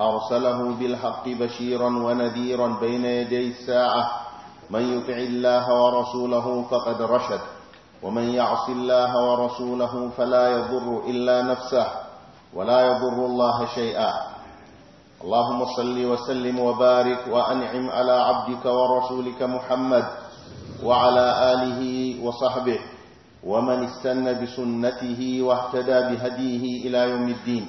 أرسله بالحق بشيرا ونذيرا بين يدي الساعة من يطع الله ورسوله فقد رشد ومن يعص الله ورسوله فلا يضر إلا نفسه ولا يضر الله شيئا اللهم صل وسلم وبارك وأنعم على عبدك ورسولك محمد وعلى آله وصحبه ومن استنى بسنته واهتدى بهديه إلى يوم الدين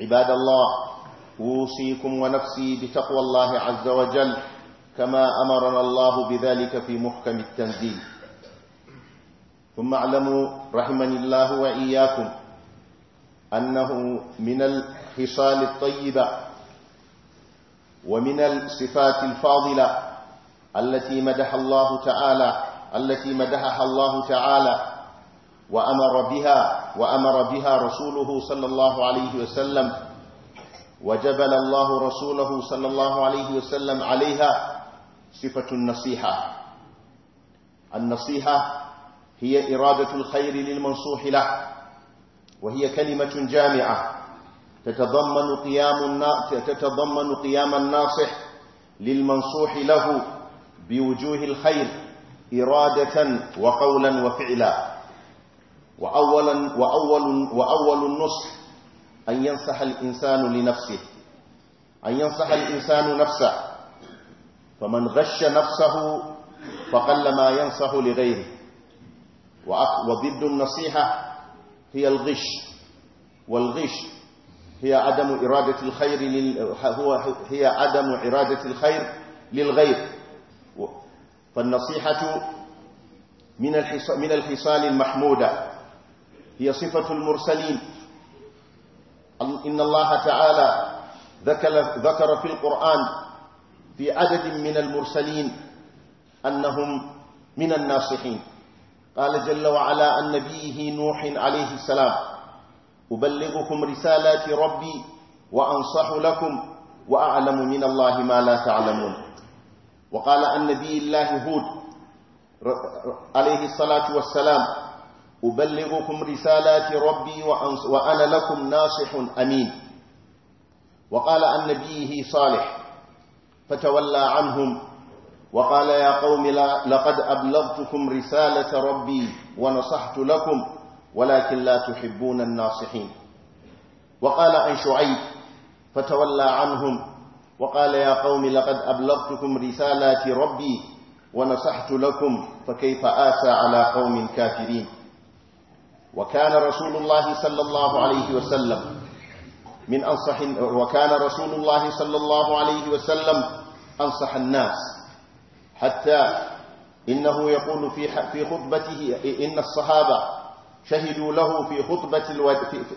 عباد الله أوصيكم ونفسي بتقوى الله عز وجل كما أمرنا الله بذلك في محكم التنزيل ثم اعلموا رحمني الله وإياكم أنه من الخصال الطيبة ومن الصفات الفاضلة التي مدح الله تعالى التي مدحها الله تعالى وأمر بها وأمر بها رسوله صلى الله عليه وسلم وجبل الله رسوله صلى الله عليه وسلم عليها صفة النصيحة النصيحة هي إرادة الخير للمنصوح له وهي كلمة جامعة تتضمن قيام تتضمن قيام الناصح للمنصوح له بوجوه الخير إرادة وقولا وفعلا وأولا وأول وأول النصح أن ينصح الإنسان لنفسه أن ينصح الإنسان نفسه فمن غش نفسه فقل ما ينصح لغيره وضد النصيحة هي الغش والغش هي عدم إرادة الخير لل... هو هي عدم إرادة الخير للغير فالنصيحة من الحصان المحمودة هي صفة المرسلين إن الله تعالى ذكر في القرآن في عدد من المرسلين أنهم من الناصحين قال جل وعلا عن نبيه نوح عليه السلام أبلغكم رسالات ربي وأنصح لكم وأعلم من الله ما لا تعلمون وقال عن نبي الله هود عليه الصلاة والسلام أبلغكم رسالات ربي وأنا لكم ناصح أمين وقال عن نبيه صالح فتولى عنهم وقال يا قوم لقد أبلغتكم رسالة ربي ونصحت لكم ولكن لا تحبون الناصحين وقال عن شعيب فتولى عنهم وقال يا قوم لقد أبلغتكم رسالات ربي ونصحت لكم فكيف آسى على قوم كافرين وكان رسول الله صلى الله عليه وسلم من أنصح وكان رسول الله صلى الله عليه وسلم أنصح الناس حتى إنه يقول في في خطبته إن الصحابة شهدوا له في خطبة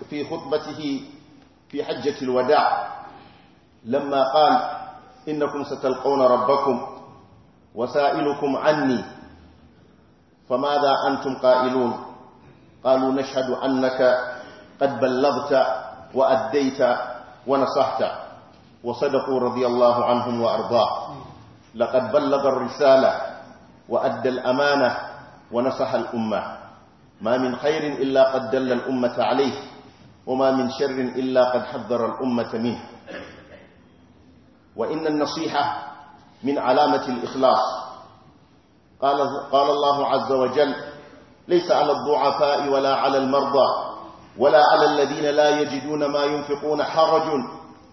في خطبته في حجة الوداع لما قال إنكم ستلقون ربكم وسائلكم عني فماذا أنتم قائلون قالوا نشهد أنك قد بلغت وأديت ونصحت وصدقوا رضي الله عنهم وأرضاه لقد بلغ الرسالة وأدى الأمانة ونصح الأمة ما من خير إلا قد دل الأمة عليه وما من شر إلا قد حذر الأمة منه وإن النصيحة من علامة الإخلاص قال, قال الله عز وجل ليس على الضعفاء ولا على المرضى ولا على الذين لا يجدون ما ينفقون حرج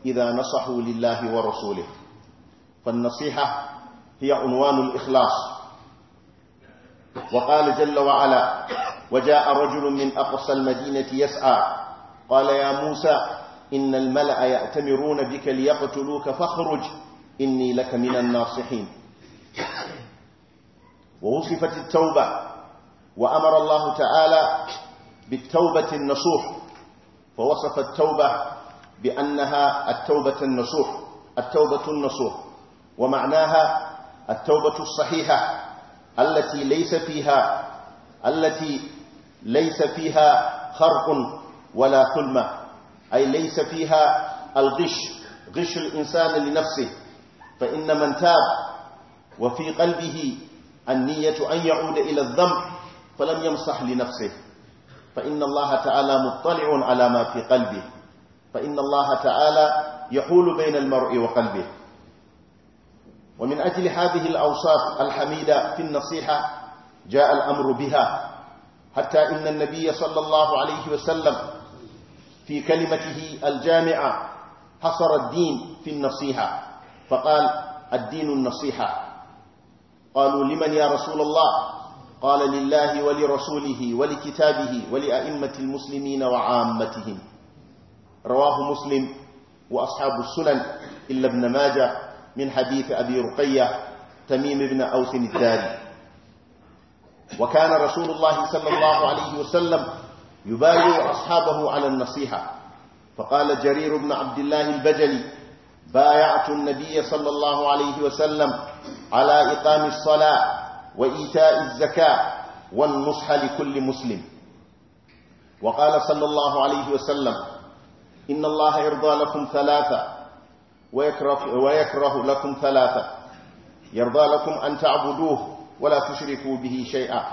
إذا نصحوا لله ورسوله فالنصيحة هي عنوان الإخلاص وقال جل وعلا وجاء رجل من أقصى المدينة يسعى قال يا موسى إن الملأ يأتمرون بك ليقتلوك فاخرج إني لك من الناصحين ووصفت التوبة وأمر الله تعالى بالتوبة النصوح فوصف التوبة بأنها التوبة النصوح التوبة النصوح ومعناها التوبة الصحيحة التي ليس فيها التي ليس فيها خرق ولا ثلمة أي ليس فيها الغش غش الإنسان لنفسه فإن من تاب وفي قلبه النية أن يعود إلى الذنب فلم يمسح لنفسه فإن الله تعالى مطلع على ما في قلبه فإن الله تعالى يحول بين المرء وقلبه ومن أجل هذه الأوصاف الحميدة في النصيحة جاء الأمر بها حتى إن النبي صلى الله عليه وسلم في كلمته الجامعة حصر الدين في النصيحة فقال الدين النصيحة قالوا لمن يا رسول الله قال لله ولرسوله ولكتابه ولأئمة المسلمين وعامتهم رواه مسلم وأصحاب السنن إلا ابن ماجه من حديث أبي رقية تميم بن أوس الداري وكان رسول الله صلى الله عليه وسلم يبايع أصحابه على النصيحة فقال جرير بن عبد الله البجلي بايعت النبي صلى الله عليه وسلم على إقام الصلاة وإيتاء الزكاة والنصح لكل مسلم وقال صلى الله عليه وسلم إن الله يرضى لكم ثلاثة ويكره, ويكره لكم ثلاثة يرضى لكم أن تعبدوه ولا تشركوا به شيئا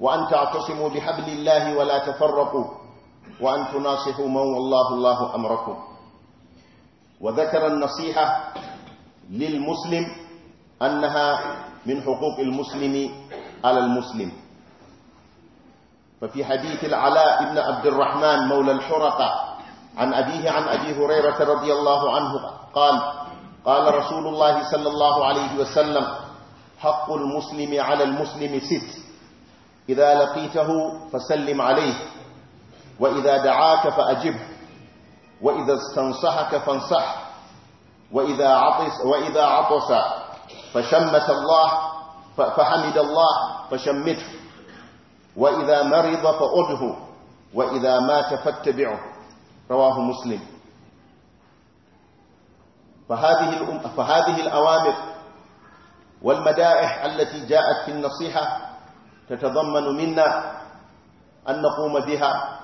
وأن تعتصموا بحبل الله ولا تفرقوا وأن تناصحوا من والله الله أمركم وذكر النصيحة للمسلم أنها من حقوق المسلم على المسلم ففي حديث العلاء بن عبد الرحمن مولى الحرقة عن أبيه عن أبي هريرة رضي الله عنه قال قال رسول الله صلى الله عليه وسلم حق المسلم على المسلم ست إذا لقيته فسلم عليه وإذا دعاك فأجبه وإذا استنصحك فانصح وإذا عطس, وإذا عطس فشمت الله فحمد الله فشمته وإذا مرض فأده وإذا مات فاتبعه رواه مسلم فهذه, فهذه الأوامر والمدائح التي جاءت في النصيحة تتضمن منا أن نقوم بها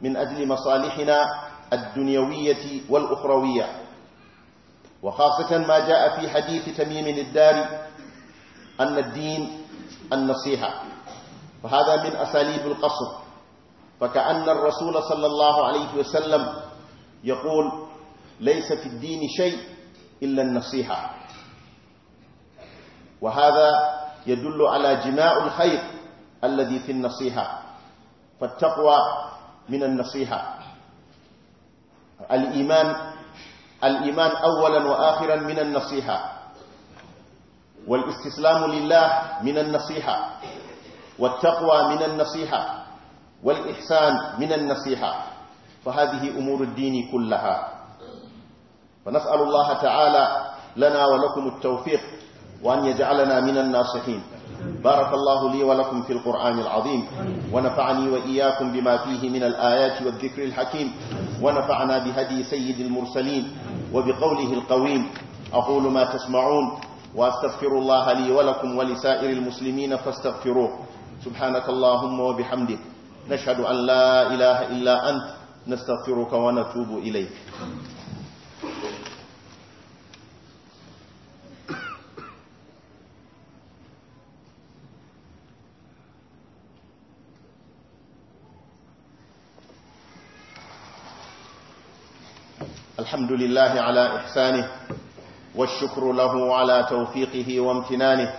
من أجل مصالحنا الدنيوية والأخروية وخاصة ما جاء في حديث تميم الداري أن الدين النصيحة وهذا من أساليب القصر فكأن الرسول صلى الله عليه وسلم يقول ليس في الدين شيء إلا النصيحة وهذا يدل على جماع الخير الذي في النصيحة فالتقوى من النصيحة الإيمان الإيمان أولا وآخرا من النصيحة والاستسلام لله من النصيحة والتقوى من النصيحة والإحسان من النصيحة فهذه أمور الدين كلها فنسأل الله تعالى لنا ولكم التوفيق وأن يجعلنا من الناصحين بارك الله لي ولكم في القرآن العظيم ونفعني وإياكم بما فيه من الآيات والذكر الحكيم ونفعنا بهدي سيد المرسلين وبقوله القويم أقول ما تسمعون وأستغفر الله لي ولكم ولسائر المسلمين فاستغفروه سبحانك اللهم وبحمدك نشهد أن لا إله إلا أنت نستغفرك ونتوب إليك الحمد لله على إحسانه والشكر له على توفيقه وامتنانه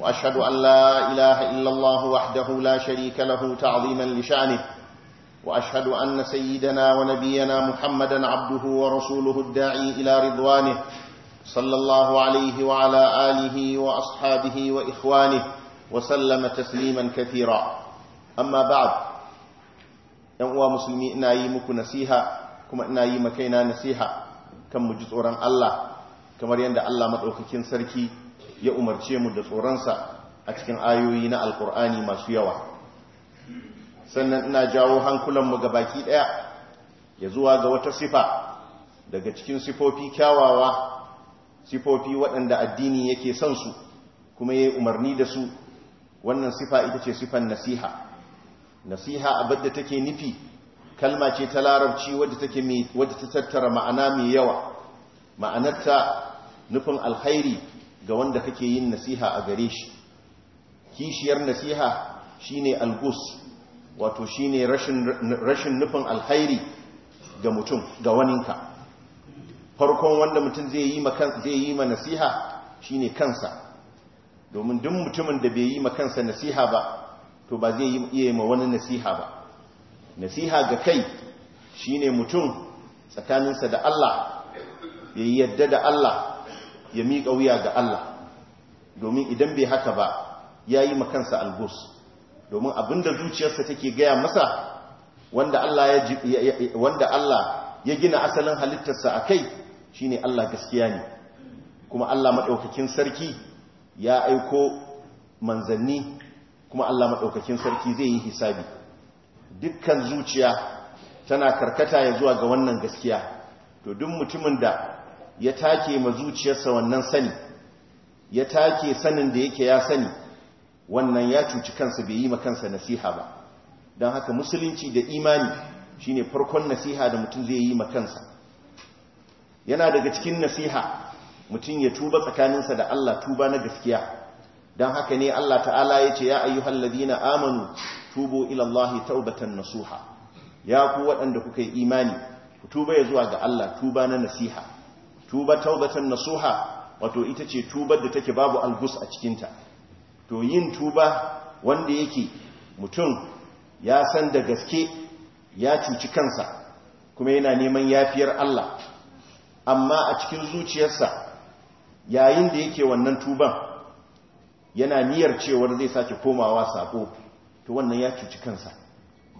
وأشهد أن لا إله إلا الله وحده لا شريك له تعظيما لشأنه وأشهد أن سيدنا ونبينا محمدا عبده ورسوله الداعي إلى رضوانه صلى الله عليه وعلى آله وأصحابه وإخوانه وسلم تسليما كثيرا أما بعد يوم مسلمين نايمك نسيها kuma ina yi ma kaina nasiha kan mu ji tsoron Allah kamar yadda Allah madaukakin sarki ya umarce mu da tsoronsa a cikin ayoyi na alkur'ani masu yawa sannan ina jawo hankulan mu ga baki ɗaya ya zuwa ga wata sifa daga cikin sifofi kyawawa sifofi waɗanda addini yake son su kuma ya umarni da su wannan sifa ita ce sifan nasiha nasiha abadda take nufi kalma ce ta larabci wadda ta tattara ma'ana mai yawa ma'anarta nufin alkhairi ga wanda kake yin nasiha a gare shi kishiyar nasiha shine algus wato shine rashin rashin nufin alkhairi ga mutum ga waninka farkon wanda mutum zai yi ma zai yi ma nasiha shine kansa domin duk mutumin da bai yi ma kansa nasiha ba to ba zai iya yi ma wani nasiha ba nasiha ga kai shine mutum tsakaninsa da Allah ya yadda da Allah ya miƙa wuya ga Allah domin idan bai haka ba ya yi makansa algus domin abin da zuciyarsa take gaya masa wanda Allah ya wanda Allah ya gina asalin halittarsa a kai shi ne Allah gaskiya ne kuma Allah maɗaukakin sarki ya aiko manzanni kuma Allah maɗaukakin sarki zai yi hisabi dukkan zuciya tana karkata ya zuwa ga wannan gaskiya to duk mutumin da ya take ma zuciyarsa wannan sani ya take sanin da yake ya sani wannan ya cuci kansa bai yi ma kansa nasiha ba don haka musulunci da imani shine farkon nasiha da mutum zai yi ma kansa yana daga cikin nasiha mutum ya tuba tsakaninsa da Allah tuba na gaskiya don haka ne Allah ta'ala ya ce ya ayyuhal ladina amanu Tubo ilallahi Allah taubatan nasuha ya ku waɗanda kuka yi imani ku tuba ya zuwa ga Allah tuba na nasiha tuba taubatan nasuha wato ita ce tubar da take babu algus a cikinta to yin tuba wanda yake mutum ya san da gaske ya cuci kansa kuma yana neman yafiyar Allah amma a cikin zuciyarsa yayin da yake wannan tuban yana niyyar cewar zai sake komawa sako to wannan ya cuci kansa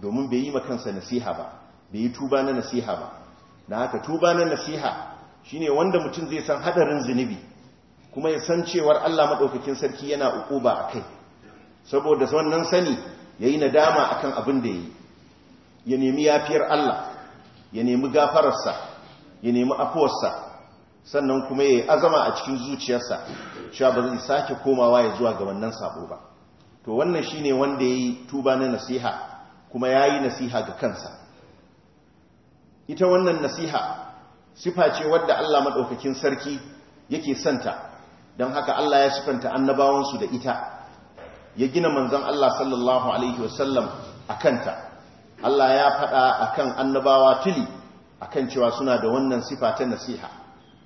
domin bai yi wa kansa nasiha ba bai yi tuba na nasiha ba na haka tuba na nasiha shine wanda mutum zai san hadarin zunubi kuma ya san cewar Allah madaukakin sarki yana ukuba kai. saboda wannan sani yayi nadama akan abin da yayi ya nemi yafiyar Allah ya nemi gafararsa ya nemi afuwarsa sannan kuma ya yi azama a cikin zuciyarsa sha ba zai sake komawa ya zuwa ga wannan sabo ba to wannan shi ne wanda ya yi tuba na nasiha kuma ya yi nasiha ga kansa ita wannan nasiha sifa ce wadda Allah maɗaukakin sarki yake santa don haka Allah ya sifanta annabawansu da ita ya gina manzan Allah sallallahu alaihi wasallam a kanta. Allah ya faɗa akan annabawa tuli akan cewa suna da wannan sifa ta nasiha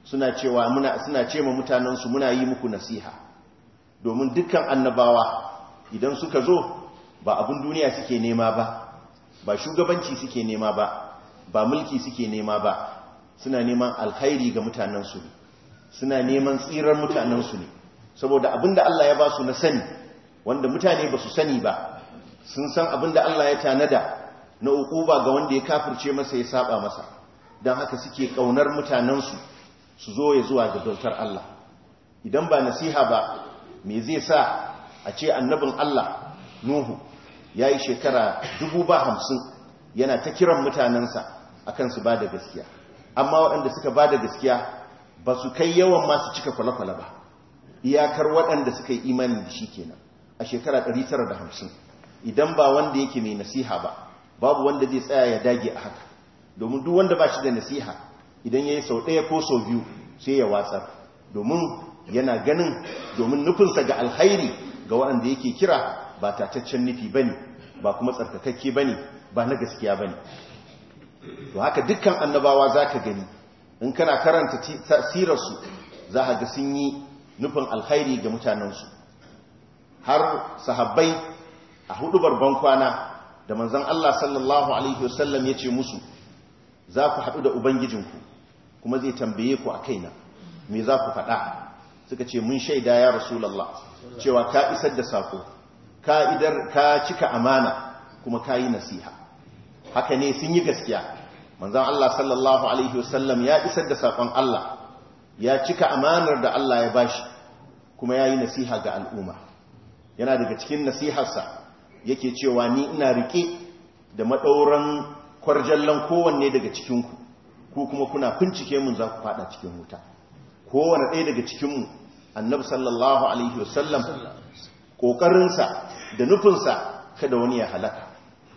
suna cewa muna suna ce ma mutanensu muna yi muku nasiha domin dukkan annabawa idan suka zo ba abin duniya suke nema ba ba shugabanci suke nema ba ba mulki suke nema ba suna neman alkhairi ga mutanensu ne suna neman tsirar mutanensu ne saboda abin da Allah ya ba su na sani wanda mutane ba su sani ba sun san abin da Allah ya tanada na ukuba ga wanda ya kafirce masa ya saba masa don haka suke kaunar mutanensu su zo ya zuwa da bautar Allah idan ba nasiha ba me zai sa a ce annabin Allah Nuhu ya yi shekara dubu ba hamsin yana ta kiran mutanensa akan su ba da gaskiya amma waɗanda suka ba da gaskiya ba su kai yawan masu cika kwale-kwale ba iyakar waɗanda suka yi imani da shi kenan a shekara ɗari tara da hamsin idan ba wanda yake mai nasiha ba babu wanda zai tsaya ya dage a haka domin duk wanda ba shi da nasiha idan ya yi sau ɗaya ko sau biyu sai ya watsar domin yana ganin domin nufinsa ga alhairi ga waɗanda yake kira ba tataccen nufi ne, ba kuma tsarkakakke bane ba na gaskiya bane to haka dukkan annabawa za ka gani in kana karanta sirarsu za ka ga sun yi nufin alkhairi ga mutanensu har sahabbai a barban kwana da manzan Allah sallallahu alaihi wasallam ya ce musu za ku haɗu da ubangijinku kuma zai tambaye ku a kaina me za ku faɗa suka ce mun shaida ya rasulallah cewa ka isar da sako ka idar ka cika amana kuma ka yi nasiha haka ne sun yi gaskiya manzon Allah sallallahu alaihi wasallam ya isar da sakon Allah ya cika amanar da Allah ya bashi kuma ya yi nasiha ga al'umma yana daga cikin nasiharsa yake cewa ni ina rike da maɗauran kwarjallan kowanne daga cikinku ku kuma kuna cike mun za ku fada cikin wuta kowane ɗaya daga cikinmu annabi sallallahu alaihi wasallam kokarinsa da nufinsa kada wani ya halaka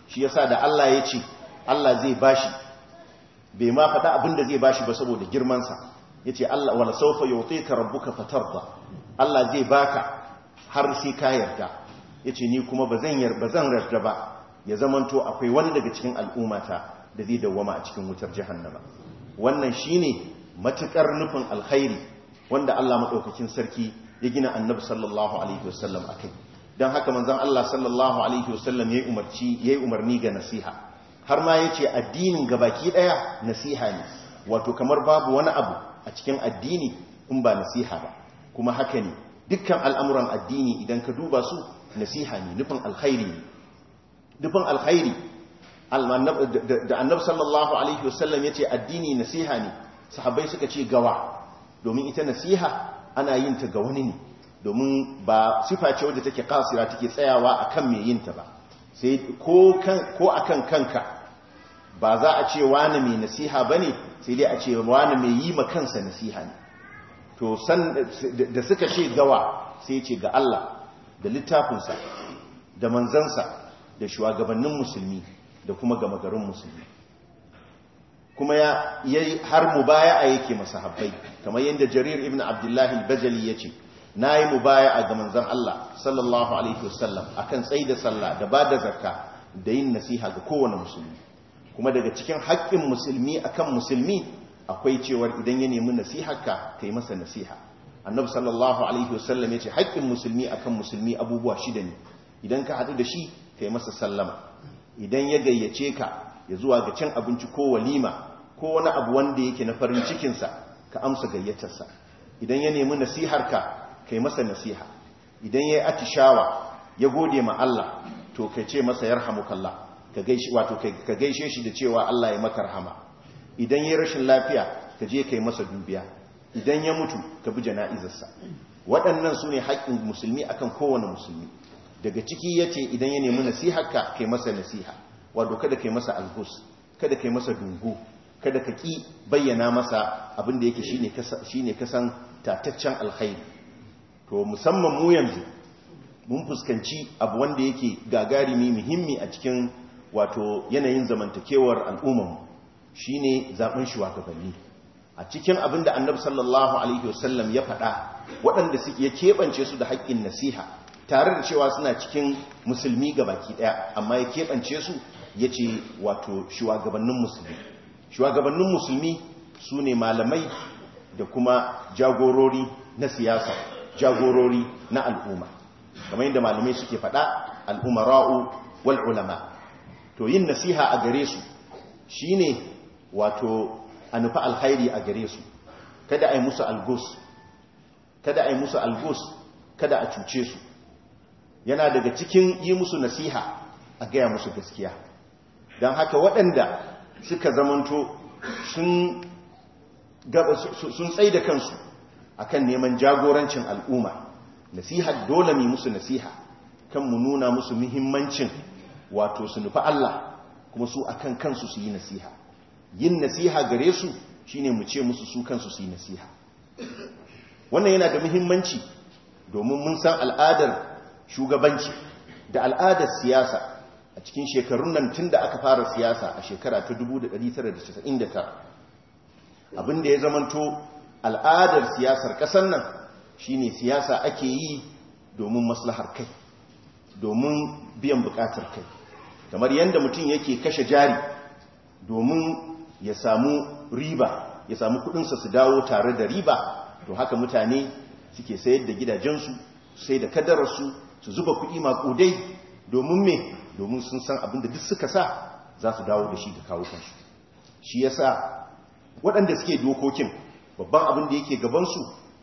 shi yasa da Allah ya ce Allah zai bashi bai ma faɗa abin da zai bashi ba saboda girmansa ya ce Allah wala saufa yautika rabbuka fatarda Allah zai baka har sai ka yarda ya ni kuma ba zan yarda ba ya zamanto akwai wani daga cikin al'ummata da zai dawwama a cikin wutar jahannama wannan shine matukar nufin alkhairi wanda Allah maɗaukakin sarki ya gina annabi sallallahu alaihi wasallam kai, don haka manzon Allah sallallahu alaihi wasallam yayi umarci yi umarni ga nasiha har ma yace addinin gabaki ɗaya nasiha ne wato kamar babu wani abu a cikin addini in ba nasiha ba kuma haka ne dukkan al'amuran addini idan ka duba su nasiha ne nufin alkhairi ne nufin alkhairi da annabi sallallahu alaihi wasallam ce addini nasiha ne sahabbai suka ce gawa domin ita nasiha ana yin ta ga wani ne domin ba sifa ce wadda take kasira take tsayawa akan mai yin ta ba sai ko kan kanka ba za a ce wani mai nasiha bane sai dai a ce wani mai yi ma kansa nasiha ne to san da suka ce gawa sai ce ga Allah da littafinsa da manzansa da shugabannin musulmi da kuma gamagarin musulmi kuma ya yi har baya a yake masahabbai kamar yadda jarir ibn abdullahi bajali ya ce na yi mu baya a gamanzan Allah sallallahu alaihi wasallam a kan tsaye da sallah da ba da zakka da yin nasiha ga kowane musulmi kuma daga cikin haƙƙin musulmi akan musulmi akwai cewar idan ya nemi nasiharka ka yi masa nasiha annabi sallallahu alaihi wasallam ya ce haƙƙin musulmi akan musulmi abubuwa shida ne idan ka haɗu da shi ka yi masa sallama idan ya gayyace ka ya zuwa ga cin abinci ko walima ko wani abu wanda yake na farin cikinsa ka amsa gayyatarsa idan ya nemi nasiharka ka yi masa nasiha idan ya yi atishawa ya gode ma Allah to ka ce masa ya ka gaishe ka gaishe shi da cewa Allah ya maka rahama idan ya yi rashin lafiya ka je kai masa dubiya idan ya mutu ka bi jana'izarsa waɗannan su ne haƙƙin musulmi akan kowane musulmi daga ciki ya ce idan ya nemi nasiharka kai masa nasiha wato kada kai masa alhus kada kai masa dungu kada ka ki bayyana masa abin da yake ne kasan tataccen alkhairi to musamman mu yanzu mun fuskanci abu wanda yake gagarimi muhimmi a cikin wato yanayin zamantakewar shi shine zaɓen shuwagabanni. a cikin abin da annabi sallallahu alaihi wasallam ya faɗa waɗanda ya keɓance su da haƙƙin nasiha tare da cewa suna cikin musulmi ga baki ɗaya amma ya keɓance su ya ce wato shugabannin musulmi shugabannin musulmi su ne malamai da kuma jagorori na siyasa jagorori na al'umma kamar yadda malamai suke faɗa al'umara'u wal ulama to yin nasiha a gare su shi ne wato a nufi alhairi a gare su kada a yi musu algos kada a yi musu algos kada a cuce su yana daga cikin yi musu nasiha a gaya musu gaskiya don haka waɗanda suka zamanto sun tsaye da kansu akan neman jagorancin al'umma nasiha dole mu musu nasiha kan mu nuna musu muhimmancin wato su nufi Allah kuma su akan kansu su yi nasiha yin nasiha gare su shine mu ce musu su kansu su yi nasiha wannan yana da muhimmanci domin mun san al'adar shugabanci da al'adar siyasa a cikin shekarun nan tun da aka fara siyasa a shekara ta 1999 abinda ya zamanto al'adar siyasar ƙasar nan shine siyasa ake yi domin maslahar kai domin biyan buƙatar kai kamar yadda mutum yake kashe jari domin ya samu riba ya samu kudinsa su dawo tare da riba to haka mutane suke sayar da gidajensu sai da kadararsu su zuba kudi maƙudai domin me domin sun san abin da duk suka sa za su dawo da shi ga kawo kansu shi ya sa waɗanda suke dokokin babban abin da yake gabansu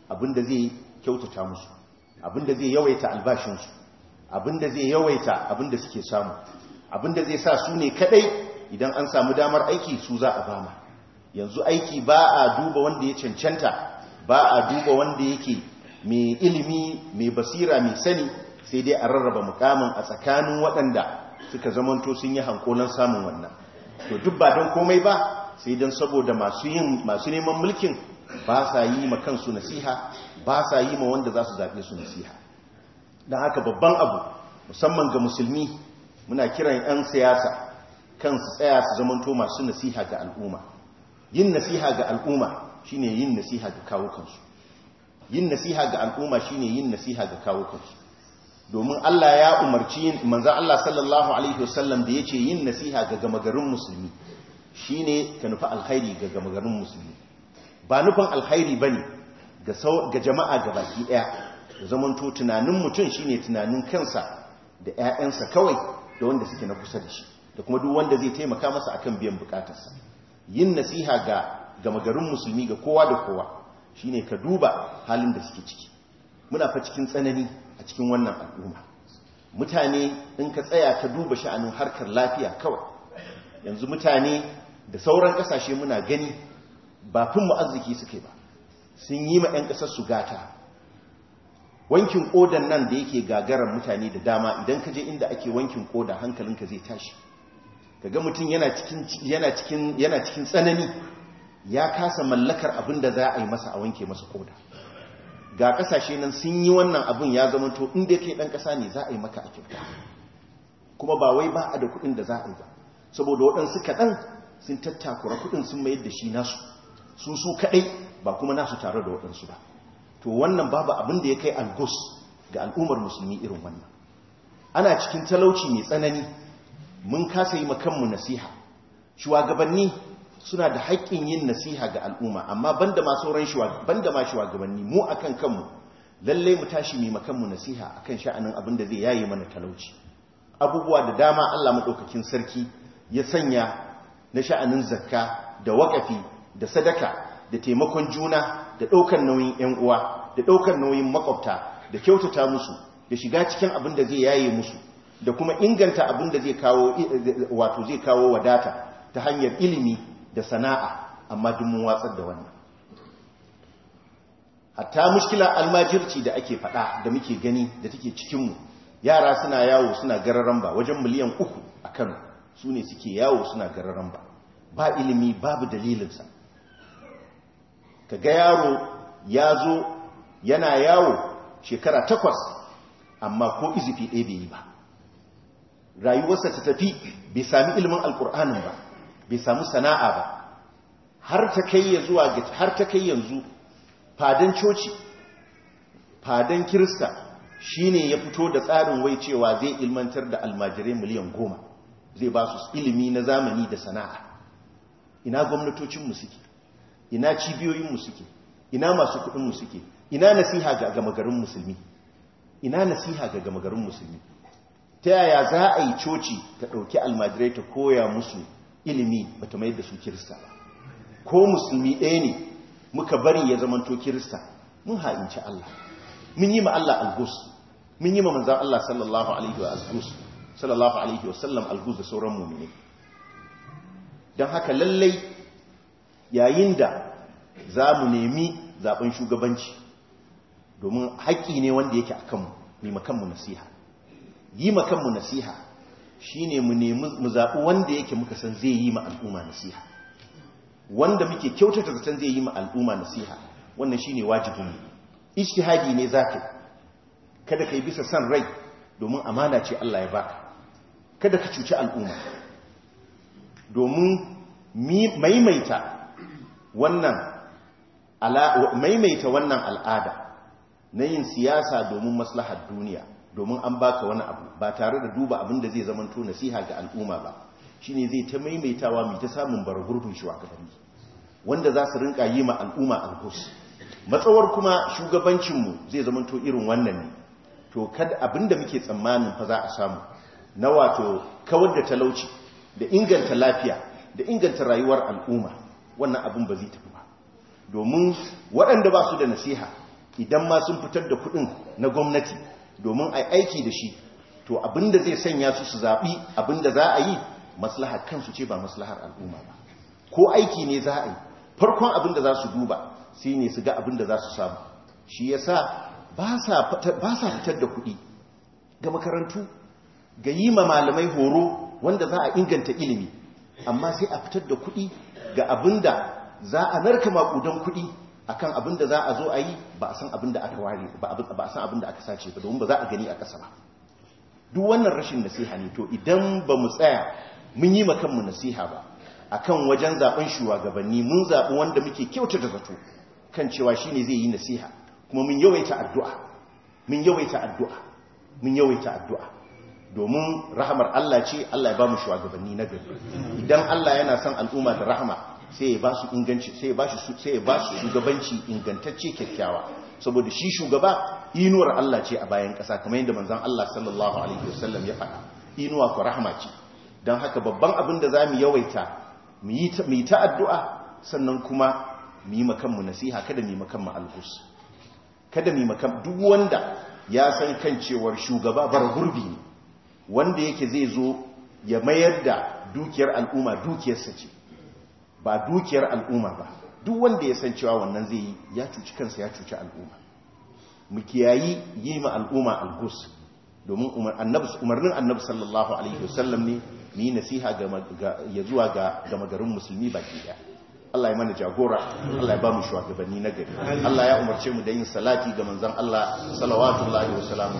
abin da zai kyautata musu abin da zai yawaita albashinsu abin da zai yawaita abin da suke samu abin da zai sa su ne kaɗai idan an samu damar aiki su za a bama yanzu aiki ba a duba wanda ya cancanta ba a duba wanda yake mai ilimi mai basira mai sani sai dai a rarraba mukamin a tsakanin waɗanda suka zamanto sun yi hankolan samun wannan to duk ba don komai ba sai don saboda masu yin masu neman mulkin ba sa yi ma kansu nasiha ba sa yi ma wanda za su zaɓe su nasiha don haka babban abu musamman ga musulmi muna kiran 'yan siyasa kan su tsaya su zamanto masu nasiha ga al'umma yin nasiha ga al'umma shine yin nasiha ga yin nasiha ga al'umma shine yin nasiha ga domin Allah ya umarci manzan Allah sallallahu alaihi wasallam da ya ce yin nasiha ga gamagarin musulmi shine ka nufi alkhairi ga gamagarin musulmi ba nufin alkhairi bane ga jama'a ga baki daya da zamanto tunanin mutum shine tunanin kansa da 'ya'yansa kawai da wanda suke na kusa da shi da kuma duk wanda zai taimaka masa akan biyan bukatarsa yin nasiha ga gamagarin musulmi ga kowa da kowa shine ka duba halin da suke ciki muna fa cikin tsanani a cikin wannan al'umma mutane in ka tsaya ka duba sha'anin harkar lafiya kawai yanzu mutane da sauran kasashe muna gani ba fin mu'azziki suke ba sun yi ma 'yan ƙasar su gata wankin kodan nan da yake gagarar mutane da dama idan ka je inda ake wankin koda hankalinka zai tashi kaga mutum yana cikin tsanani ya kasa mallakar abin da za a yi masa a wanke masa koda ga kasashe nan sun yi wannan abin ya zama to inda kai dan kasa ne za a yi maka a kyauta kuma ba wai ba a da kuɗin da za a yi ba saboda waɗansu kaɗan sun tattakura kuɗin sun mayar da shi nasu sun su kaɗai ba kuma nasu tare da waɗansu ba to wannan babu abin da ya kai algos ga al'ummar musulmi irin wannan ana cikin talauci mai tsanani mun kasa yi kanmu nasiha shugabanni suna da haƙƙin yin nasiha ga al'umma amma banda ma sauran banda ma shugabanni mu akan kanmu lalle mu tashi mu nasiha akan sha'anin abin da zai yaye mana talauci abubuwa da dama Allah madaukakin sarki ya sanya na sha'anin zakka da wakafi da sadaka da taimakon juna da ɗaukar nauyin yan uwa da ɗaukar nauyin makwabta da kyautata musu da shiga cikin abin da zai yaye musu da kuma inganta abin da zai kawo wato zai kawo wadata ta hanyar ilimi da sana'a amma duk mun watsar da wannan hatta mushkilar almajirci da ake fada da muke gani da take cikinmu yara suna yawo suna gararan ba wajen miliyan uku a kano su ne suke yawo suna gararan ba ba ilimi babu dalilinsa ka ga yaro ya zo yana yawo shekara takwas amma ko izifi ɗaya bai yi ba rayuwarsa ta tafi bai sami ilimin alkur'anin ba bai samu sana'a ba har ta kai ya zuwa har ta kai yanzu fadan coci fadan kirista shine ya fito da tsarin wai cewa zai ilmantar da almajirai miliyan goma zai ba su ilimi na zamani da sana'a ina gwamnatocinmu suke ina cibiyoyinmu suke ina masu kudinmu suke ina nasiha ga gamagarin musulmi ina nasiha ga gamagarin musulmi ta yaya za a yi coci ta ɗauki almajirai ta koya musu ilimi ba ta mayar da su kirista ba ko musulmi ɗaya ne muka bari ya zamanto kirista mun ha'inci Allah mun yi ma Allah algus mun yi ma manzan Allah sallallahu alaihi wa algus sallallahu alaihi wa sallam algus da sauran mumini don haka lallai yayin da za mu nemi zaɓen shugabanci domin haƙƙi ne wanda yake a kanmu, yi makanmu nasiha yi makanmu nasiha shine mu nemi mu zaɓi wanda yake muka san zai yi ma al'umma nasiha wanda muke kyautata san zai yi ma al'umma nasiha wannan shine wajibin mu ijtihadi ne zaka kada kai bisa san rai domin amana ce Allah ya ba. kada ka cuci al'umma domin maimaita wannan maimaita wannan al'ada na yin siyasa domin maslahar duniya domin an baka wani abu ba tare da duba abin da zai zamanto nasiha ga al'umma ba shi ne zai ta maimaitawa mai ta samun baragurbin shugabanni wanda za su rinka yi ma al'umma alkus matsawar kuma shugabancinmu zai zamanto irin wannan ne to kada abin da muke tsammanin fa za a samu na wato kawar da talauci da inganta lafiya da inganta rayuwar al'umma wannan abin ba zai tafi ba domin waɗanda ba su da nasiha idan ma sun fitar da kuɗin na gwamnati domin a aiki da shi to abinda zai sanya su su zaɓi abinda za a yi maslahar kansu ce ba maslahar al'umma ba ko aiki ne za a yi farkon abinda za su duba sai ne su ga abinda za su samu shi ya sa ba sa fitar da kuɗi ga makarantu ga yi ma malamai horo wanda za a inganta ilimi amma sai a fitar da kuɗi ga abinda za a narka maƙudan kuɗi akan abin da za a zo a yi ba a san abin da aka ware ba a san abin da aka sace ba domin ba za a gani a ƙasa ba duk wannan rashin nasiha ne to idan ba mu tsaya mun yi kanmu nasiha ba akan wajen zaben shugabanni mun zaɓi wanda muke kyauta da zato kan cewa shi ne zai yi nasiha kuma mun yawaita addu'a mun yawaita addu'a mun yawaita addu'a domin rahamar Allah ce Allah ya ba mu shugabanni na gari idan Allah yana son al'umma da rahama sai ya ba su inganci sai ya ba su sai ya ba su shugabanci ingantacce kyakkyawa saboda shi shugaba inuwar Allah ce a bayan kasa kamar yadda manzon Allah sallallahu alaihi wasallam ya faɗa inuwa ko rahma ce dan haka babban abin da zamu yawaita mu yi ta addu'a sannan kuma mu yi mu nasiha kada mu yi mu alhus kada mu yi makan duk wanda ya san kan cewar shugaba bar gurbi wanda yake zai zo ya mayar da dukiyar al'umma dukiyarsa ce ba dukiyar al'umma ba duk wanda ya san cewa wannan zai yi ya cuci kansa ya cuci al'umma mu kiyayi yi ma al'umma algus domin umarnin annabi sallallahu alaihi wasallam ne ni nasiha ya zuwa ga gama garin musulmi baki daya Allah ya mana jagora Allah ya ba mu shugabanni na gari Allah ya umarce mu da yin salati ga manzon Allah sallallahu alaihi wasallam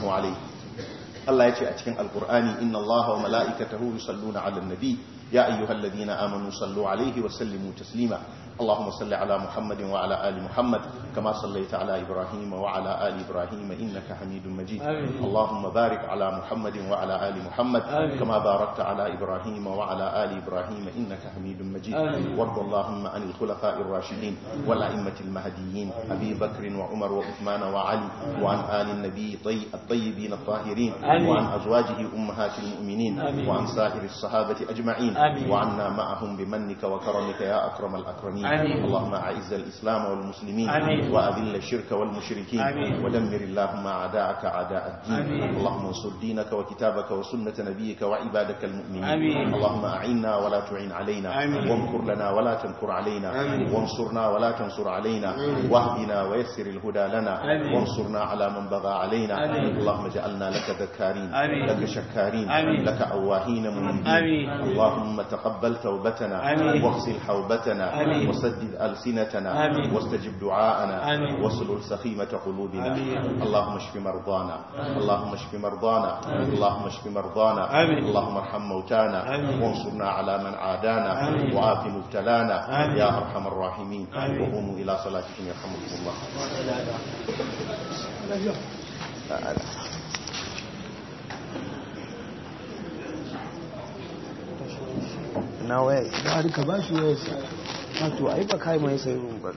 Allah ya ce a cikin alkur'ani inna allaha wa mala'ikatahu na 'alan nabi ya ayyuhalladhina amanu sallu 'alaihi wa sallimu taslima اللهم صل على محمد وعلى آل محمد كما صليت على إبراهيم وعلى آل إبراهيم إنك حميد مجيد آمين. اللهم بارك على محمد وعلى آل محمد آمين. كما باركت على إبراهيم وعلى آل إبراهيم إنك حميد مجيد آمين. وارض اللهم عن الخلفاء الراشدين والأئمة المهديين أبي بكر وعمر وعثمان وعلي وعن آل النبي الطيبين الطاهرين وعن أزواجه أمهات المؤمنين وعن سائر الصحابة أجمعين وعنا معهم بمنك وكرمك يا أكرم الأكرمين المسلمين آمين. اللهم أعز الإسلام والمسلمين آمين. وأذل الشرك والمشركين آمين. ودمر اللهم أعداءك أعداء الدين آمين. اللهم انصر دينك وكتابك وسنة نبيك وعبادك المؤمنين آمين. اللهم أعنا ولا تعين علينا آمين. وامكر لنا ولا تنكر علينا آمين. وانصرنا ولا تنصر علينا آمين. واهدنا ويسر الهدى لنا آمين. وانصرنا على من بغى علينا آمين. اللهم اجعلنا لك ذكارين آمين. لك شكارين آمين. لك أواهين منيبين اللهم تقبل توبتنا واغسل حوبتنا وسدد ألسنتنا آمين. واستجب دعاءنا آمين. واسلل سخيمة قلوبنا آمين. اللهم اشف مرضانا آمين. اللهم اشف مرضانا آمين. اللهم اشف مرضانا آمين. اللهم ارحم موتانا آمين. وانصرنا على من عادانا آمين. وعاف مبتلانا آمين. يا أرحم الراحمين آمين. وقوموا إلى صلاتكم يرحمكم الله Now, waya a to ai ba kai mai sai ruwan